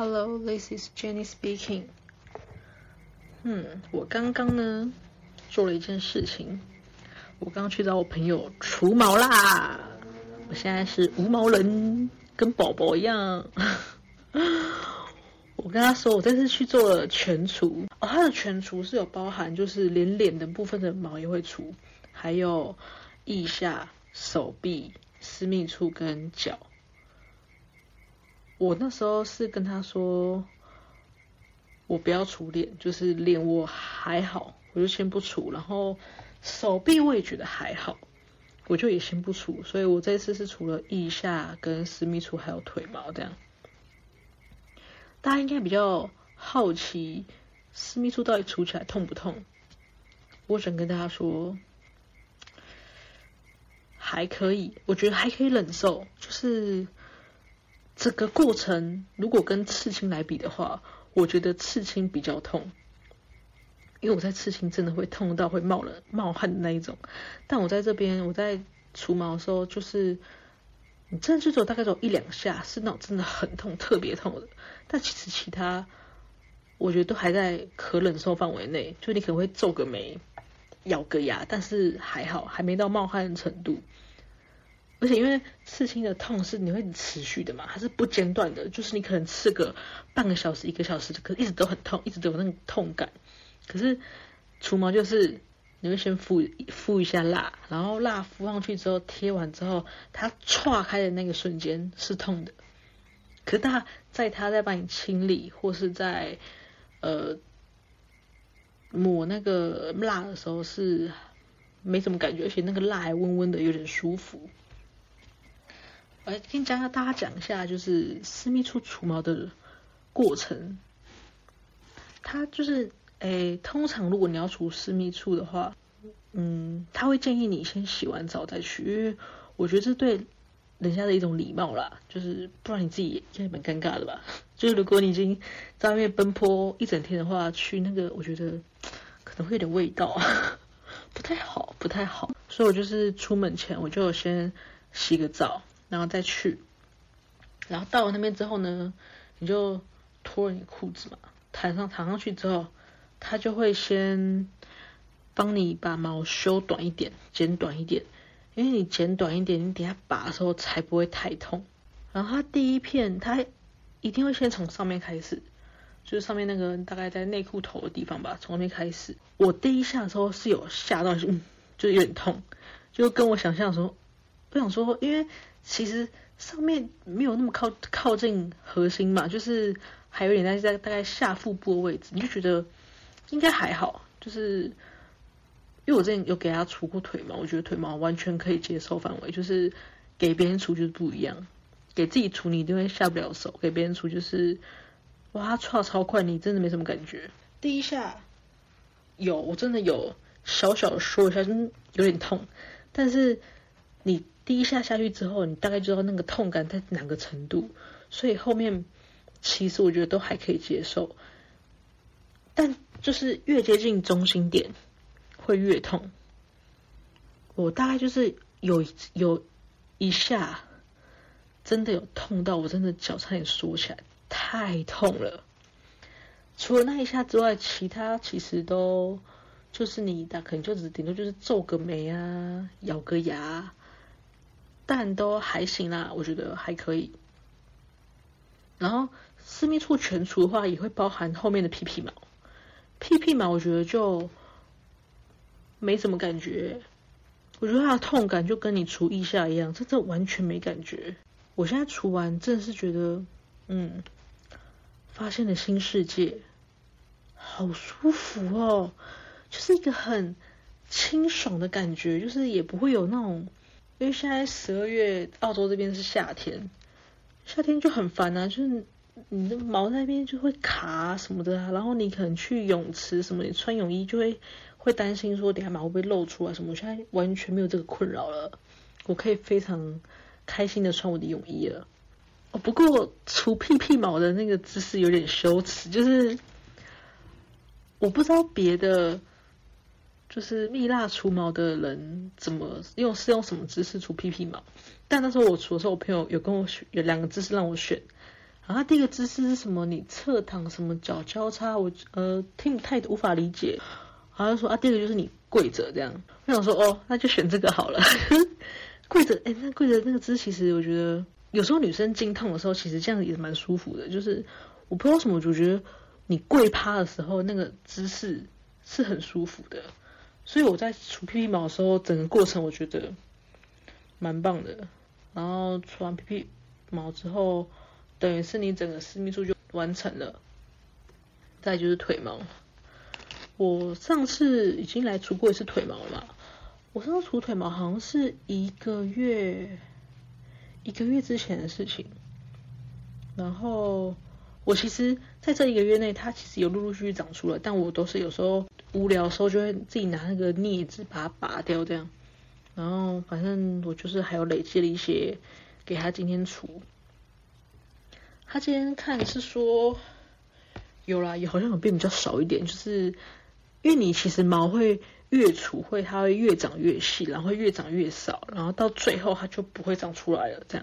Hello, this is Jenny speaking. 嗯，我剛剛呢做了一件事情，我剛去找我朋友除毛啦。我現在是無毛人，跟寶寶一樣。 我跟他說，我這次去做了全除。哦，他的全除是有包含，就是連臉的部分的毛也會除，還有腋下、手臂、私密處跟腳。我那時候是跟他說，我不要除臉，就是臉我還好，我就先不除。然後手臂我也覺得還好，我就也先不除。所以我這次是除了腋下跟私密處還有腿毛這樣。大家應該比較好奇私密處到底除起來痛不痛？我想跟大家說，還可以，我覺得還可以忍受，就是。這個過程如果跟刺青來比的話，我覺得刺青比較痛，因為我在刺青真的會痛到會冒冷冒汗的那一種。但我在這邊，我在除毛的時候，就是你真的只做大概只有一兩下，是那種真的很痛、特別痛的。但其實其他我覺得都還在可忍受範圍內，就你可能會皺個眉、咬個牙，但是還好，還沒到冒汗的程度。而且因為刺青的痛是你會持續的嘛，它是不間斷的，就是你可能刺個半個小時、一個小時的，可一直都很痛，一直都有那個痛感。可是除毛就是，你會先敷敷一下蠟，然後蠟敷上去之後貼完之後，它踹開的那個瞬間是痛的。可他，在他在幫你清理或是在呃抹那個蠟的時候是沒什麼感覺，而且那個蠟還溫溫的，有點舒服。我跟你講，下，大家講一下，就是私密處除毛的過程。他就是，誒、欸，通常如果你要除私密處的話，嗯，他會建議你先洗完澡再去，因為我覺得這對人家的一種禮貌啦，就是不然你自己也，也蠻尷尬的吧？就是如果你已經在外面奔波一整天的話，去那個，我覺得可能會有點味道， 不太好，不太好。所以我就是出門前，我就先洗個澡。然後再去，然後到了那邊之後呢，你就脫了你的褲子嘛，躺上躺上去之後，他就會先幫你把毛修短一點，剪短一點，因為你剪短一點，你等下拔的時候才不會太痛。然後它第一片，他一定會先從上面開始，就是上面那個大概在內褲頭的地方吧，從那邊開始。我第一下的時候是有嚇到，嗯，就有點痛，就跟我想象的時候，不想說，因為。其實上面沒有那麼靠靠近核心嘛，就是還有點在在大概下腹部的位置，你就覺得應該還好。就是因為我之前有給他除過腿毛，我覺得腿毛完全可以接受範圍。就是給別人除就是不一樣，給自己除你一定會下不了手，給別人除就是哇，刷的超快，你真的沒什麼感覺。第一下有，我真的有小小的說一下，真有點痛，但是你，第一下下去之後，你大概知道那個痛感在哪個程度，所以後面其實我覺得都還可以接受。但就是越接近中心點，會越痛。我大概就是有有一下，真的有痛到我真的腳差點縮起來，太痛了。除了那一下之外，其他其實都就是你打，可能就只頂多就是皺個眉啊，咬個牙。但都還行啦，我覺得還可以。然後私密處全除的話，也會包含後面的屁屁毛。屁屁毛我覺得就沒什麼感覺。我覺得它的痛感就跟你除腋下一樣，真的完全沒感覺。我現在除完，真的是覺得，嗯，發現了新世界，好舒服哦，就是一個很清爽的感覺，就是也不會有那種。因為現在十二月，澳洲這邊是夏天，夏天就很煩啊，就是你的毛那邊就會卡什麼的，然後你可能去泳池什麼，你穿泳衣就會會擔心說，等下毛會不會露出來什麼。我現在完全沒有這個困擾了，我可以非常開心的穿我的泳衣了。哦，不過除屁屁毛的那個姿勢有點羞恥，就是我不知道別的。就是蜜蠟除毛的人怎麼用？是用什麼姿勢除屁屁毛？但那時候我除的時候，我朋友有跟我選有兩個姿勢讓我選。然後第一個姿勢是什麼？你側躺什麼腳交叉？我呃聽不太無法理解。好像說啊，第二個就是你跪着這樣。我想說哦，那就選這個好了。 跪着，哎、欸，那跪着那個姿勢，其實我覺得有時候女生經痛的時候，其實這樣子也蠻舒服的。就是我不知道什麼，我就覺得你跪趴的時候，那個姿勢是很舒服的。所以我在除 PP 毛的時候，整個過程我覺得蠻棒的。然後除完 PP 毛之後，等於是你整個私密處就完成了。再就是腿毛，我上次已經來除過一次腿毛了吧？我上次除腿毛好像是一個月，一個月之前的事情。然後我其實在這一個月內，它其實有陸陸續續長出來，但我都是有時候。無聊的時候就會自己拿那個鑷子把它拔掉，這樣。然後反正我就是還有累積了一些，給它今天除。它今天看是說有啦，也好像有變比較少一點，就是因為你其實毛會越除會它會越長越細，然後會越長越少，然後到最後它就不會長出來了這樣。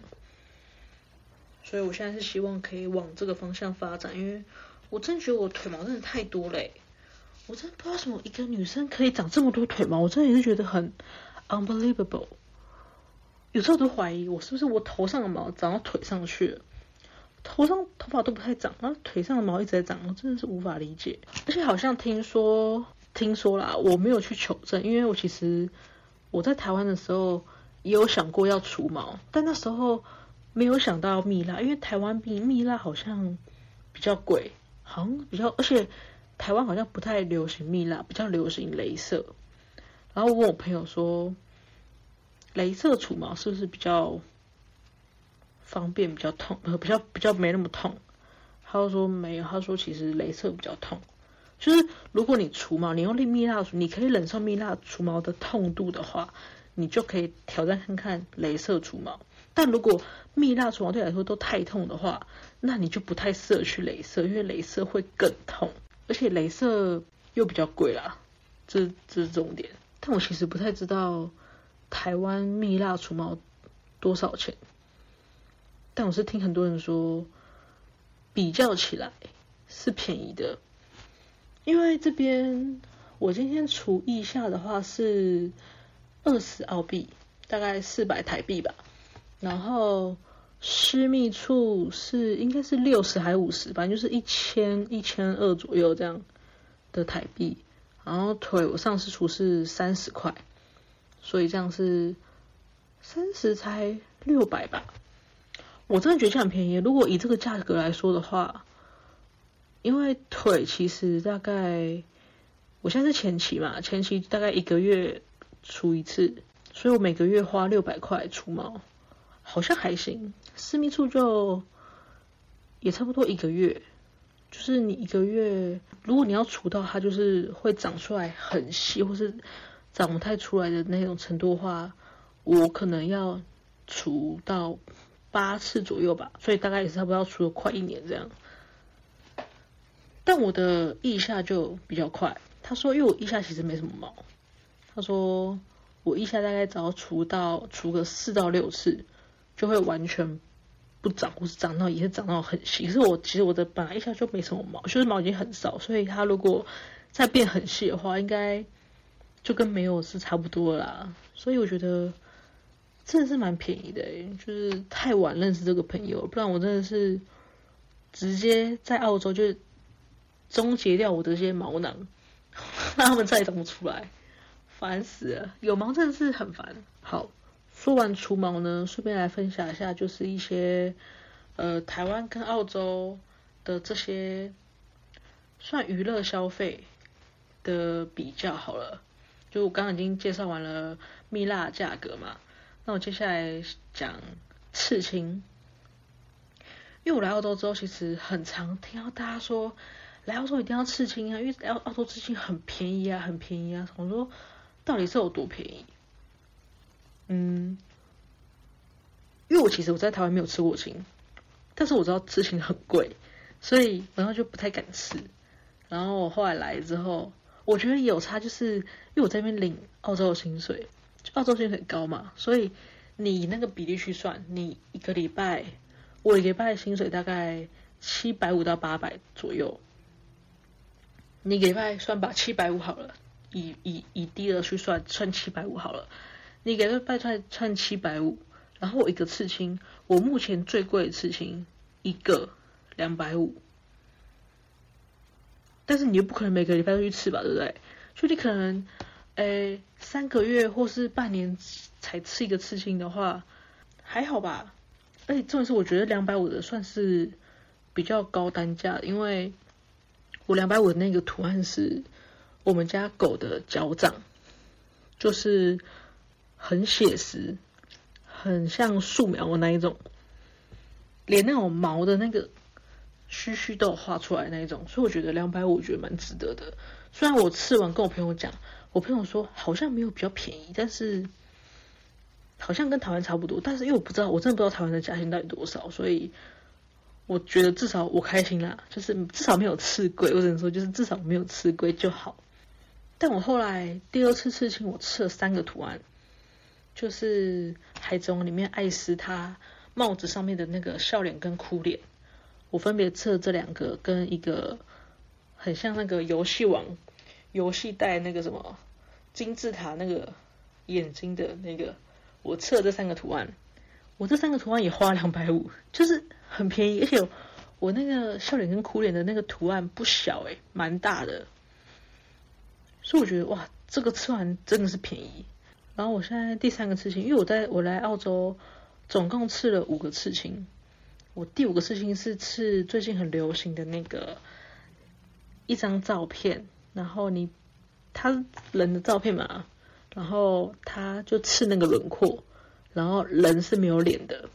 所以我現在是希望可以往這個方向發展，因為我真覺得我腿毛真的太多嘞。我真的不知道為什麼一個女生可以長這麼多腿毛。我真的也是覺得很 unbelievable，有時候都懷疑我是不是我頭上的毛長到腿上去了，頭上頭髮都不太長，但腿上的毛一直在長，我真的是無法理解。而且好像聽說，聽說啦，我沒有去求證，因為我其實我在台灣的時候也有想過要除毛，但那時候沒有想到蜜蠟，因為台灣比蜜蠟好像比較貴，好像比較而且。台灣好像不太流行蜜蠟，比較流行鐳射。然後我問我朋友說，鐳射除毛是不是比較方便、比較痛？呃，比較比較沒那麼痛。他說沒有，他說其實鐳射比較痛。就是如果你除毛，你用力蜜蠟除，你可以忍受蜜蠟除毛的痛度的話，你就可以挑戰看看鐳射除毛。但如果蜜蠟除毛對你來說都太痛的話，那你就不太適合去鐳射，因為鐳射會更痛。而且雷射又比較貴啦，這這重點。但我其實不太知道台灣蜜蠟除毛多少錢，但我是聽很多人說，比較起來是便宜的。因為這邊我今天除腋下的話是二十澳幣，大概四百台幣吧，然後。私密處是應該是六十還是五十，反正就是一千一千二左右這樣，的台幣。然後腿我上次除是三十塊，所以這樣是三十才六百吧？我真的覺得這樣很便宜。如果以這個價格來說的話，因為腿其實大概我現在是前期嘛，前期大概一個月除一次，所以我每個月花六百塊除毛。好像還行，私密處就也差不多一個月。就是你一個月，如果你要除到它就是會長出來很細，或是長不太出來的那種程度的話，我可能要除到八次左右吧。所以大概也是差不多要除了快一年這樣。但我的腋下就比較快。他說，因為我腋下其實沒什麼毛。他說我腋下大概只要除到除個四到六次。就會完全不長，或是長到也是長到很細。可是我其實我的本來一下就沒什麼毛，就是毛已經很少，所以它如果再變很細的話，應該就跟沒有是差不多啦。所以我覺得真的是蠻便宜的，欸，就是太晚認識這個朋友了，不然我真的是直接在澳洲就終結掉我的這些毛囊，呵呵，讓他們再也長不出來，煩死了！有毛真的是很煩。好。說完除毛呢，順便來分享一下，就是一些，呃，台灣跟澳洲的這些算娛樂消費的比較好了。就我剛剛已經介紹完了蜜蠟價格嘛，那我接下來講刺青，因為我來澳洲之後，其實很常聽到大家說，來澳洲一定要刺青啊，因為來澳洲刺青很便宜啊，很便宜啊。我說到底是有多便宜？嗯，因為我其實我在台灣沒有吃過青，但是我知道吃青很貴，所以然後就不太敢吃。然後我後來來之後，我覺得有差，就是因為我在那邊領澳洲的薪水，澳洲薪水很高嘛，所以你以那個比例去算，你一個禮拜，我一個禮拜的薪水大概七百五到八百左右。你禮拜算吧，七百五好了，以以以低的去算，算七百五好了。你給他拜串串七百五，750，然後我一個刺青，我目前最貴的刺青一個兩百五，但是你又不可能每個禮拜都去刺吧，對不對？就你可能，誒，三個月或是半年才刺一個刺青的話，還好吧。而且重點是，我覺得兩百五的算是比較高單價，因為我兩百五的那個圖案是我們家狗的腳掌，就是。很寫實，很像素描的那一種，連那種毛的那個鬚鬚都有畫出來那一種，所以我覺得兩百五，我覺得蠻值得的。雖然我吃完跟我朋友講，我朋友說好像沒有比較便宜，但是好像跟台灣差不多。但是因為我不知道，我真的不知道台灣的價錢到底多少，所以我覺得至少我開心啦，就是至少沒有吃虧。我只能說，就是至少沒有吃虧就好。但我後來第二次刺青，我吃了三個圖案。就是海賊王裡面艾斯他帽子上面的那個笑臉跟哭臉，我分別測這兩個跟一個很像那個遊戲王遊戲帶那個什麼金字塔那個眼睛的那個，我測這三個圖案，我這三個圖案也花了兩百五，就是很便宜，而且我，我那個笑臉跟哭臉的那個圖案不小誒、欸，蠻大的，所以我覺得，哇，這個測完真的是便宜。然後我現在第三個刺青，因為我在我來澳洲總共刺了五個刺青，我第五個刺青是刺最近很流行的那個一張照片，然後你，他人的照片嘛，然後他就刺那個輪廓，然後人是沒有臉的，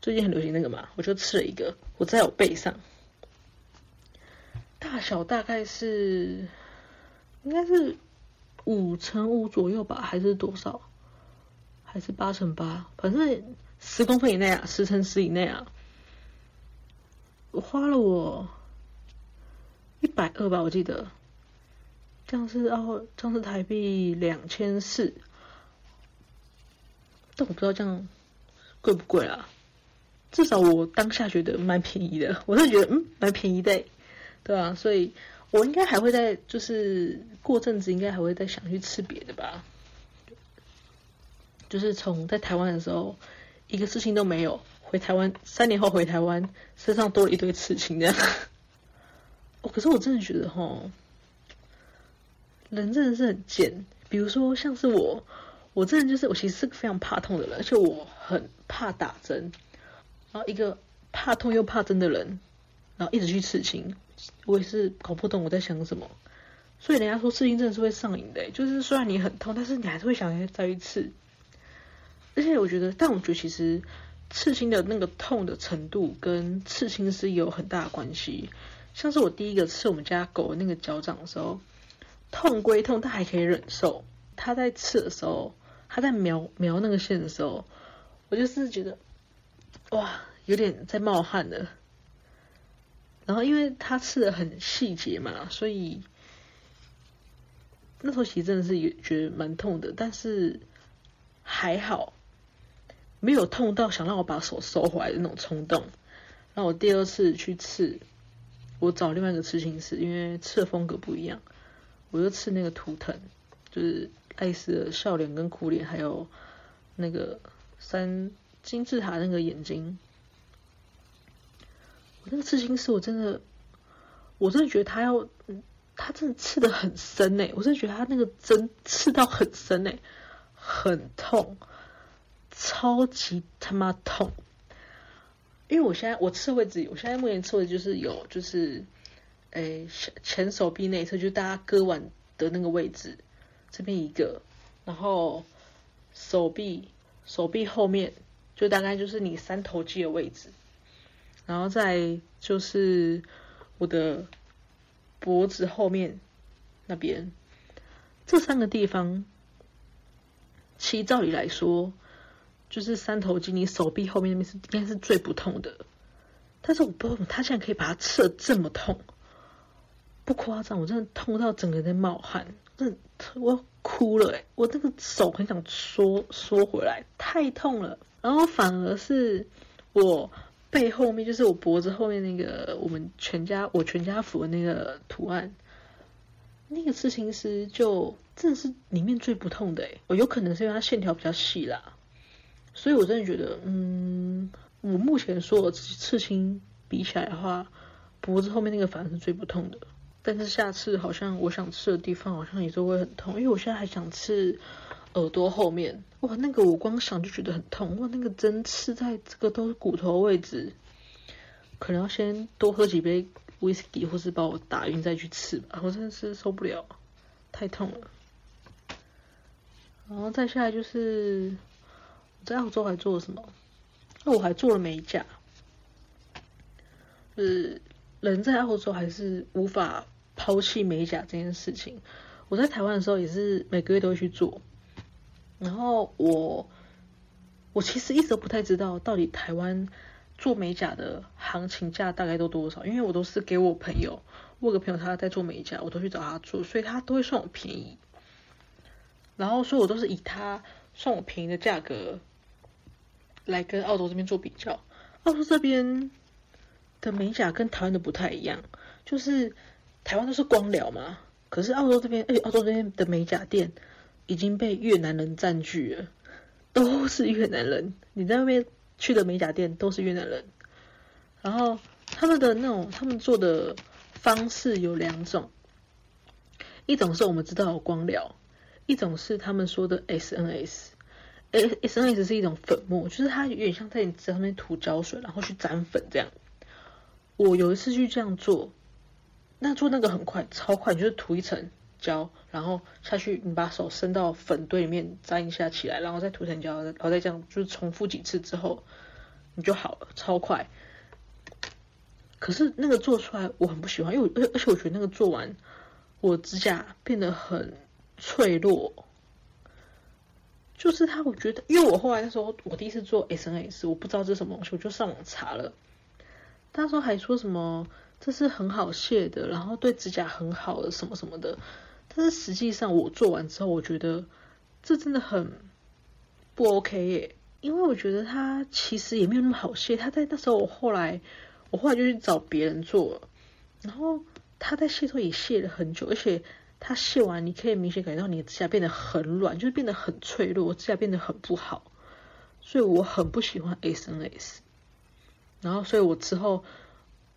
最近很流行那個嘛，我就刺了一個，我在我背上，大小大概是應該是。五乘五左右吧，還是多少？還是八乘八？反正十公分以內啊，十乘十以內啊。我花了我一百二吧，我記得。這樣是哦，這樣是台幣兩千四。但我不知道這樣貴不貴啊？至少我當下覺得蠻便宜的，我就覺得嗯蠻便宜的、欸，對吧、啊？所以。我應該還會在，就是過陣子應該還會再想去刺別的吧。就是從在台灣的時候，一個刺青都沒有，回台灣三年後回台灣，身上多了一堆刺青這樣。哦，可是我真的覺得哈，人真的是很賤。比如說像是我，我這人就是我其實是個非常怕痛的人，而且我很怕打針。然後一個怕痛又怕針的人，然後一直去刺青。我也是搞不懂我在想什麼，所以人家說刺青真的是會上癮的，欸，就是雖然你很痛，但是你還是會想要再一次。而且我覺得，但我覺得其實刺青的那個痛的程度跟刺青是有很大的關係。像是我第一個刺我們家狗那個腳掌的時候，痛歸痛，但還可以忍受。他在刺的時候，他在描描那個線的時候，我就是覺得，哇，有點在冒汗了。然後因為他刺的很細節嘛，所以那時候其實真的是也覺得蠻痛的，但是還好沒有痛到想讓我把手收回來的那種衝動。那我第二次去刺，我找另外一個刺青師，因為刺的風格不一樣，我就刺那個圖騰，就是艾斯的笑臉跟苦臉，還有那個三金字塔那個眼睛。那個刺青師我真的，我真的覺得他要，他真的刺得很深誒、欸、我真的覺得他那個針刺到很深誒、欸、很痛，超級他媽痛！因為我現在我刺位置，我現在目前刺的位置就是有，就是，誒、欸、前前手臂那一側，就是、大家割腕的那個位置，這邊一個，然後手臂，手臂後面，就大概就是你三頭肌的位置。然後再就是我的脖子後面那邊，這三個地方，其實照理來說，就是三頭肌，你手臂後面那邊是應該是最不痛的，但是我不知道他現在可以把它刺得這麼痛，不誇張，我真的痛到整個人在冒汗，我哭了、欸、我這個手很想縮縮回來，太痛了，然後反而是我。背後面就是我脖子後面那個我們全家我全家福的那個圖案，那個刺青師就真的是裡面最不痛的欸、我有可能是因為它線條比較細啦，所以我真的覺得，嗯，我目前說我自己刺青比起來的話，脖子後面那個反而是最不痛的，但是下次好像我想刺的地方好像也是會很痛，因為我現在還想刺。耳朵後面，哇，那個我光想就覺得很痛。哇，那個針刺在這個都是骨頭位置，可能要先多喝幾杯 whisky，或是把我打暈再去刺吧。我真的是受不了，太痛了。然後再下來就是我在澳洲還做了什麼？那、哦、我還做了美甲。呃、就是，人在澳洲還是無法拋棄美甲這件事情。我在台灣的時候也是每個月都會去做。然後我，我其實一直都不太知道到底台灣做美甲的行情價大概都多少，因為我都是給我朋友，我有個朋友他在做美甲，我都去找他做，所以他都會算我便宜。然後所以我都是以他算我便宜的價格來跟澳洲這邊做比較。澳洲這邊的美甲跟台灣的不太一樣，就是台灣都是光療嘛，可是澳洲這邊，而且、欸、澳洲這邊的美甲店。已經被越南人佔據了，都是越南人。你在那邊去的美甲店都是越南人，然後他們的那種他們做的方式有兩種，一種是我們知道有光療，一種是他們說的 SNS。SNS 是一種粉末，就是它有點像在你指甲上面塗膠水，然後去沾粉這樣。我有一次去這樣做，那做那個很快，超快，就是塗一層。膠，然後下去，你把手伸到粉堆裡面沾一下起來，然後再塗成膠，然後再這樣，就是重複幾次之後，你就好了，超快。可是那個做出來，我很不喜歡，因為而且我覺得那個做完，我指甲變得很脆弱。就是他，我覺得，因為我後來的時候我第一次做 SNS，我不知道這是什麼東西，我就上網查了，他說還說什麼這是很好卸的，然後對指甲很好的什麼什麼的。但是實際上，我做完之後，我覺得這真的很不 OK 耶。因為我覺得他其實也沒有那麼好卸。他在那時候，我後來我後來就去找別人做了，然後他在卸的時候也卸了很久，而且他卸完，你可以明顯感覺到你的指甲變得很軟，就是變得很脆弱，指甲變得很不好。所以我很不喜歡 SNS。然後，所以我之後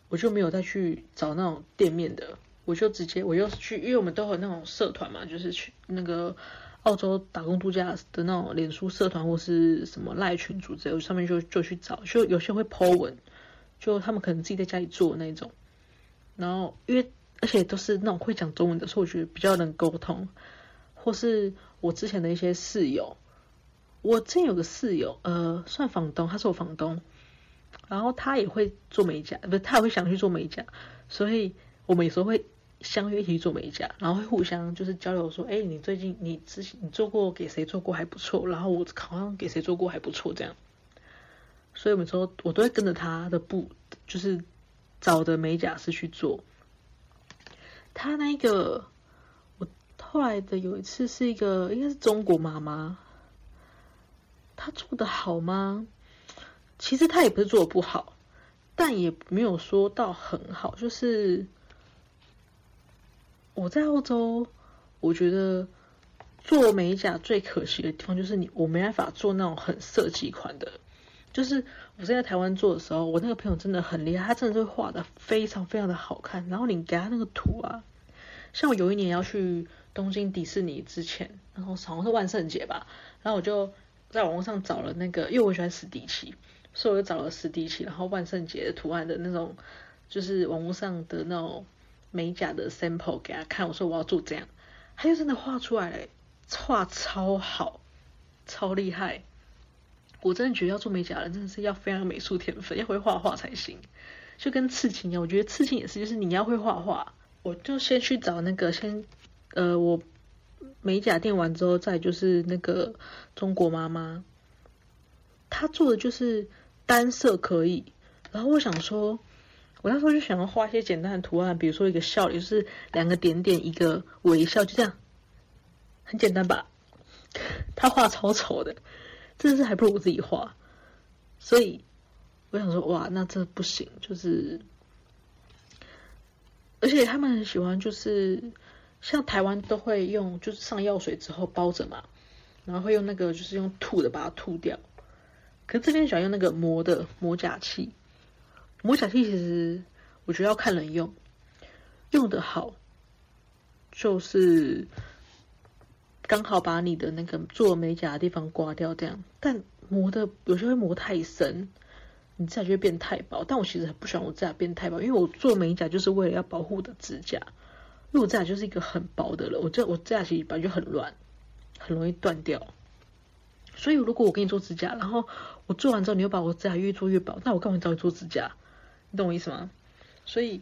我就沒有再去找那種店面的。我就直接我又去，因為我們都有那種社團嘛，就是去那個澳洲打工度假的那種臉書社團或是什麼賴群組之類，我上面就就去找，就有些會 po 文，就他們可能自己在家裡做那種，然後因為而且都是那種會講中文的，所以我覺得比較能溝通，或是我之前的一些室友，我之前有個室友，呃，算房東，他是我房東，然後他也會做美甲，不是，他也會想去做美甲，所以我們有時候會。相約一起去做美甲，然後會互相就是交流說：“哎、欸，你最近你之前你做過給誰做過還不錯，然後我好像給誰做過還不錯這樣。”所以我們說，我都會跟着他的步，就是找的美甲師去做。他那一個我後來的有一次是一個應該是中國媽媽，她做的好嗎？其實她也不是做的不好，但也沒有說到很好，就是。我在澳洲，我覺得做美甲最可惜的地方就是你我沒辦法做那種很設計款的。就是我在台灣做的時候，我那個朋友真的很厲害，他真的是畫的非常非常的好看。然後你給他那個圖啊，像我有一年要去東京迪士尼之前，然後好像是萬聖節吧，然後我就在網路上找了那個，因為我喜歡史迪奇，所以我就找了史迪奇，然後萬聖節圖案的那種，就是網路上的那種。美甲的 sample 給他看，我說我要做這樣，他就真的畫出來了，畫超好，超厲害。我真的覺得要做美甲的人，真的是要非常美術天分，要會畫畫才行。就跟刺青一樣啊，我覺得刺青也是，就是你要會畫畫。我就先去找那個，先呃，我美甲店完之後，再就是那個中國媽媽，她做的就是單色可以。然後我想說。我那時候就想要畫一些簡單的圖案，比如說一個笑臉，就是兩個點點一個微笑，就這樣，很簡單吧？他畫超醜的，真的是還不如我自己畫。所以我想說，哇，那這不行，就是，而且他們很喜歡就是像台灣都會用，就是上藥水之後包着嘛，然後會用那個就是用吐的把它吐掉，可是這邊喜歡用那個磨的磨甲器。磨甲器，其實我覺得要看人用，用的好就是剛好把你的那個做美甲的地方刮掉，這樣。但磨的有些會磨太深，你指甲就會變太薄。但我其實很不喜歡我指甲變太薄，因為我做美甲就是為了要保護我的指甲，因為我指甲就是一個很薄的了。我這我指甲其實本來就很軟，很容易斷掉。所以如果我給你做指甲，然後我做完之後，你又把我指甲越做越薄，那我幹嘛找你做指甲？你懂我意思嗎？所以，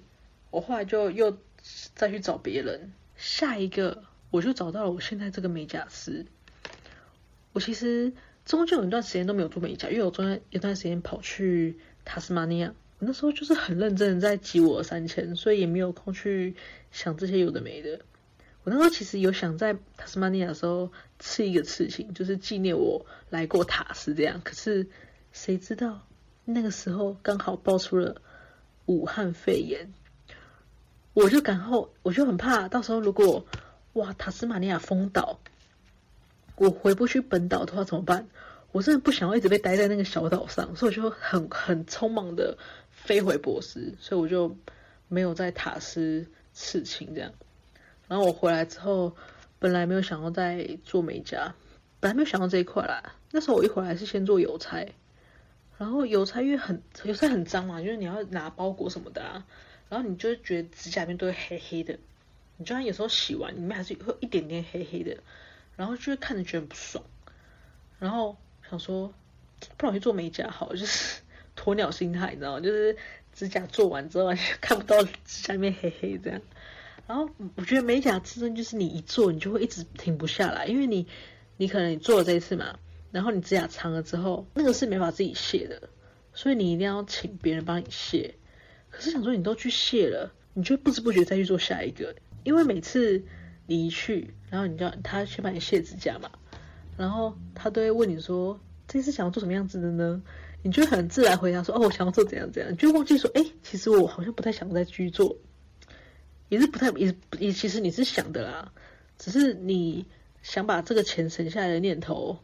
我後來就又再去找別人。下一個，我就找到了我現在這個美甲師。我其實中間有一段時間都沒有做美甲，因為我中間有一段時間跑去塔斯馬尼亞，我那時候就是很認真的在積我的三千，所以也沒有空去想這些有的沒的。我那時候其實有想在塔斯馬尼亞的時候刺一個刺青，就是紀念我來過塔斯這樣。可是誰知道那個時候剛好爆出了。武漢肺炎，我就，然後我就很怕到時候如果，哇，塔斯馬尼亞封島，我回不去本島的話怎麼辦？我真的不想要一直被待在那個小島上，所以我就很很匆忙的飛回伯斯，所以我就沒有在塔斯刺青這樣。然後我回來之後，本來沒有想要再做美甲，本來沒有想到這一塊啦。那時候我一回來是先做郵差。然後郵差因為很郵差很髒嘛，就是你要拿包裹什麼的，啊。然後你就會覺得指甲邊都會黑黑的，你就算有時候洗完，裡面還是會一點點黑黑的，然後就會看着覺得很不爽，然後想說，不如去做美甲好，就是鴕鳥心態，你知道嗎？就是指甲做完之後看不到指甲邊黑黑這樣，然後我覺得美甲真正就是你一做你就會一直停不下來，因為你，你可能你做了這一次嘛。然後你指甲長了之後，那個是沒法自己卸的，所以你一定要請別人幫你卸。可是想說你都去卸了，你就不知不覺再去做下一個，因為每次你一去，然後你叫他去幫你卸指甲嘛，然後他都會問你說：“這次想要做什麼樣子的呢？”你就很自然回答說：“哦，我想要做怎樣怎樣。”你就忘記說：“誒，其實我好像不太想再去做，也是不太也是也其實你是想的啦，只是你想把這個錢省下來的念頭。”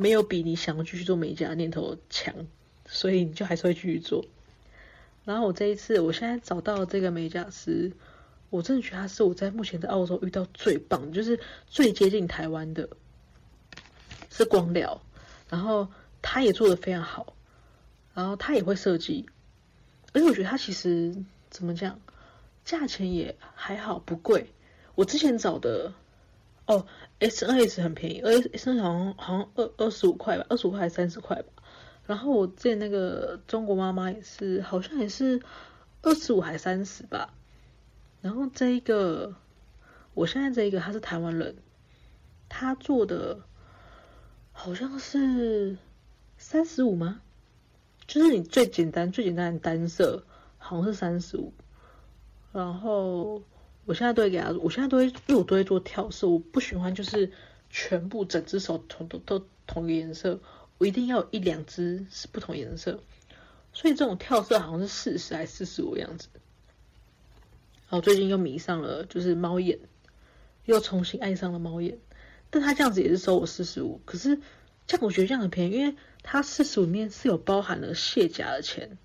沒有比你想要繼續做美甲的念頭強，所以你就還是會繼續做。然後我這一次，我現在找到這個美甲師，我真的覺得他是我在目前在澳洲遇到最棒，就是最接近台灣的，是光療，然後他也做得非常好，然後他也會設計，而且我覺得他其實怎麼講，價錢也還好，不貴。我之前找的。哦、oh，S 二 S 很便宜，s S 好像好像二二十五塊吧，二十五塊還是三十塊吧。然後我見那個中國媽媽也是，好像也是二十五還三十吧。然後這一個，我現在這一個她是台灣人，她做的好像是三十五嗎？就是你最簡單最簡單的單色，好像是三十五。然後。我現在都會給他，我現在都會，因為我都會做跳色。我不喜歡就是全部整隻手都都同一個顏色，我一定要有一兩隻是不同顏色。所以這種跳色好像是四十還是四十五樣子。然後最近又迷上了就是貓眼，又重新愛上了貓眼。但他這樣子也是收我四十五，可是這樣我覺得這樣很便宜，因為他四十五裡面是有包含了卸甲的錢，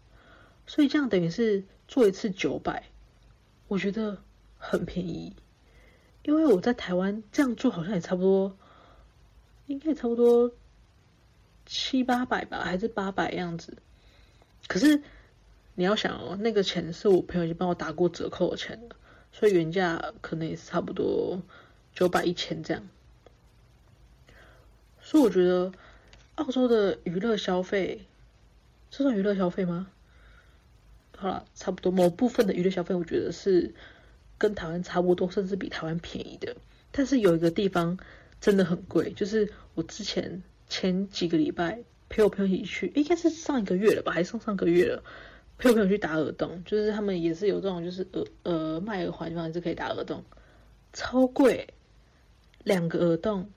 所以這樣等於是做一次九百。我覺得。很便宜，因為我在台灣這樣做好像也差不多，應該差不多七八百吧，還是八百樣子。可是你要想哦，那個錢是我朋友已經幫我打過折扣的錢了，所以原價可能也是差不多九百一千這樣。所以我覺得澳洲的娛樂消費，這算娛樂消費嗎？好了，差不多某部分的娛樂消費，我覺得是，跟台灣差不多，甚至比台灣便宜的。但是有一個地方真的很貴，就是我之前前幾個禮拜陪我朋友一起去，應該是上一個月了吧，還是上上個月了，陪我朋友去打耳洞，就是他們也是有這種就是耳呃賣耳環的地方是可以打耳洞，超貴、欸，兩個耳洞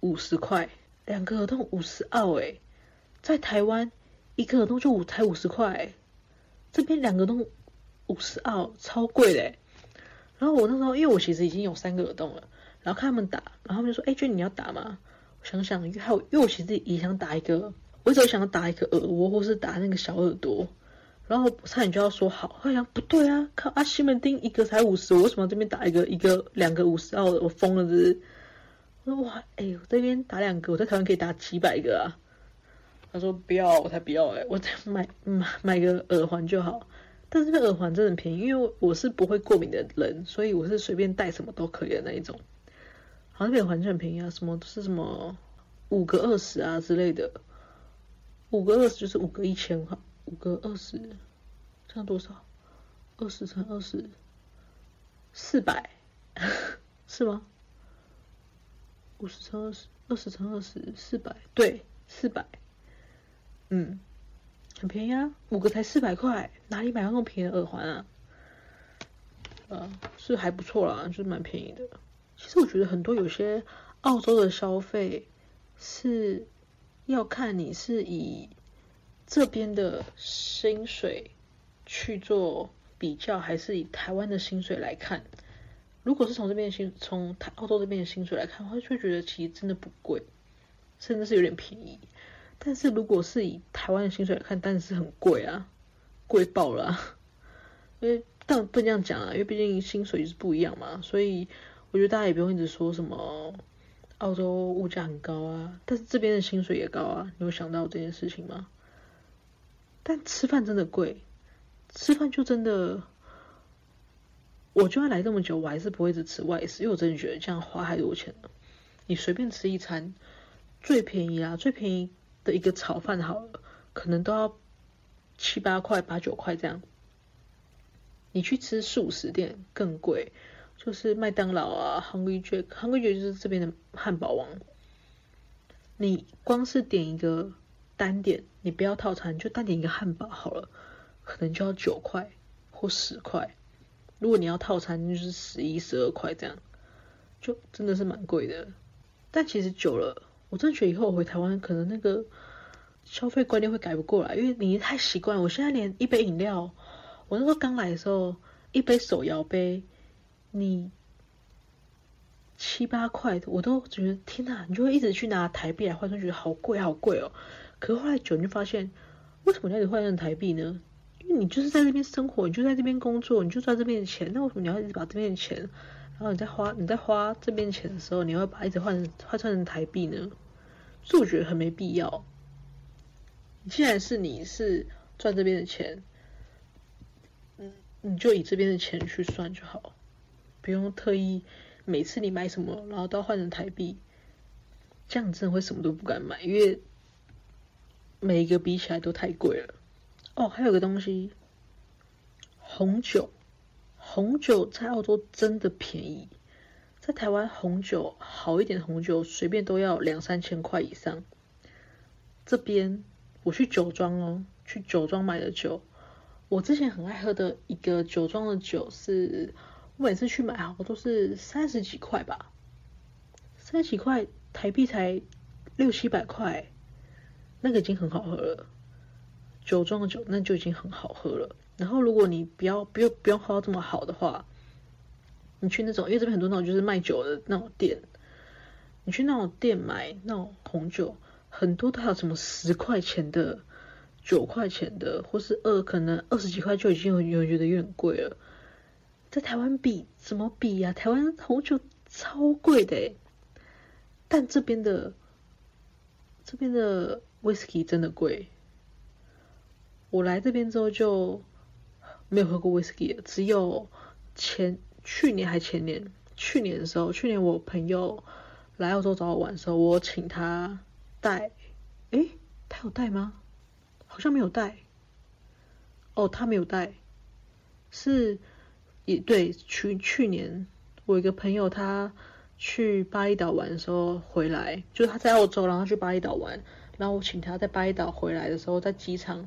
五十塊，兩個耳洞五十澳哎，在台灣一個耳洞就五才五十塊，這邊兩個都五十澳，超貴嘞、欸。然後我那時候，因為我其實已經有三個耳洞了，然後看他們打，然後他們就說：“哎、欸，娟你要打嗎？”我想想，因為還有因為我其實也想打一個，我一直想要打一個耳窩，或是打那個小耳朵。然後我差點就要說好，他就想不對啊，靠，阿西門町一個才五十，我為什麼要這邊打一個一個兩個五十澳？我瘋了！這是我說哇，哎、欸，我這邊打兩個，我在台灣可以打幾百個啊。他說不要，我才不要哎、欸，我再買買買，買個耳環就好。但是這個耳環真的很便宜，因為我是不會過敏的人，所以我是隨便戴什麼都可以的那一種。好像這個耳環真的很便宜啊，什麼是什麼五個二十啊之類的，五個二十就是五個一千塊，五個二十，這樣多少？二十乘二十，四百是嗎？五十乘二十，二十乘二十四百，對，四百，嗯。很便宜啊，五個才四百塊，哪裡買那麼便宜的耳環啊？啊、呃，是還不錯啦，就是蠻便宜的。其實我覺得很多有些澳洲的消費是要看你是以這邊的薪水去做比較，還是以台灣的薪水來看。如果是從這邊薪，從台澳洲這邊的薪水來看，我就會覺得其實真的不貴，甚至是有點便宜。但是如果是以台灣的薪水來看，但是很貴啊，貴爆了啊。因為但不能這樣講啊，因為畢竟薪水是不一樣嘛。所以我覺得大家也不用一直說什麼澳洲物價很高啊，但是這邊的薪水也高啊。你有想到這件事情嗎？但吃飯真的貴，吃飯就真的，我就要來這麼久，我還是不會一直吃外食，因為我真的覺得這樣花太多錢了啊。你隨便吃一餐，最便宜啊，最便宜，的一個炒飯好了，可能都要七八塊、八九塊這樣。你去吃素食店更貴，就是麥當勞啊、Hungry Jack's、Hungry Jack's 就是這邊的漢堡王。你光是點一個單點，你不要套餐，就單點一個漢堡好了，可能就要九塊或十塊。如果你要套餐，就是十一、十二塊這樣，就真的是蠻貴的。但其實久了。我真的覺得以後我回台灣，可能那個消費觀念會改不過來，因為你太習慣。我現在連一杯飲料，我那時候剛來的時候，一杯手搖杯，你七八塊，我都覺得天哪！你就會一直去拿台幣來換，就覺得好貴好貴哦、喔。可是後來久，你就發現為什麼你要一直換成台幣呢？因為你就是在這邊生活，你就在這邊工作，你就賺這邊的錢，那為什麼你要一直把這邊的錢，然後你在花你在花這邊的錢的時候，你要把一直換成換算成台幣呢？就覺得很沒必要。既然是你是賺這邊的錢，嗯，你就以這邊的錢去算就好，不用特意每次你買什麼，然後都要換成台幣，這樣子會什麼都不敢買，因為每一個比起來都太貴了。哦，還有個東西，紅酒，紅酒在澳洲真的便宜。在台灣紅酒，好一點的紅酒隨便都要兩三千塊以上。這邊我去酒莊哦，去酒莊買的酒，我之前很愛喝的一個酒莊的酒是，是我每次去買，啊，好像都是三十幾塊吧，三十幾塊台幣才六七百塊，那個已經很好喝了。酒莊的酒那就已經很好喝了。然後如果你不要不用不用喝到這麼好的話，你去那種，因為這邊很多那種就是賣酒的那種店，你去那種店買那種紅酒，很多都還有什麼十塊錢的、九塊錢的，或是二可能二十幾塊就已經有人覺得有點貴了。在台灣比怎麼比啊？台灣紅酒超貴的，但這邊的這邊的威士忌真的貴。我來這邊之後就沒有喝過威士忌了，只有前。去年還前年，去年的時候，去年我朋友來澳洲找我玩的時候，我請他帶，誒，他有帶嗎？好像沒有帶。哦，他沒有帶，是，也對，去去年我一個朋友他去巴厘島玩的時候回來，就是他在澳洲，然後去巴厘島玩，然後我請他在巴厘島回來的時候在機場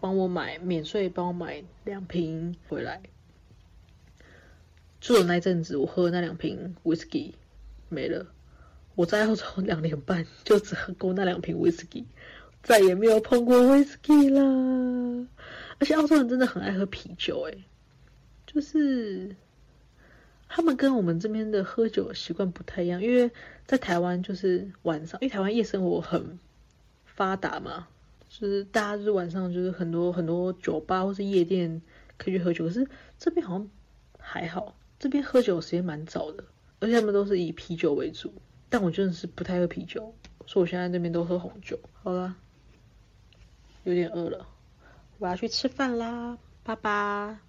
幫我買免稅，幫我買兩瓶回來。住的那陣子，我喝了那兩瓶 whisky，沒了。我在澳洲兩年半，就只喝過那兩瓶 whisky，再也沒有碰過 whisky 了。而且澳洲人真的很愛喝啤酒，欸，哎，就是他們跟我們這邊的喝酒習慣不太一樣。因為在台灣，就是晚上，因為台灣夜生活很發達嘛，就是大家就是晚上就是很多很多酒吧或是夜店可以去喝酒，可是這邊好像還好。這邊喝酒時間蠻早的，而且他們都是以啤酒為主，但我真的是不太喝啤酒，所以我現在在那邊都喝紅酒。好了，有點餓了，我要去吃飯啦，拜拜。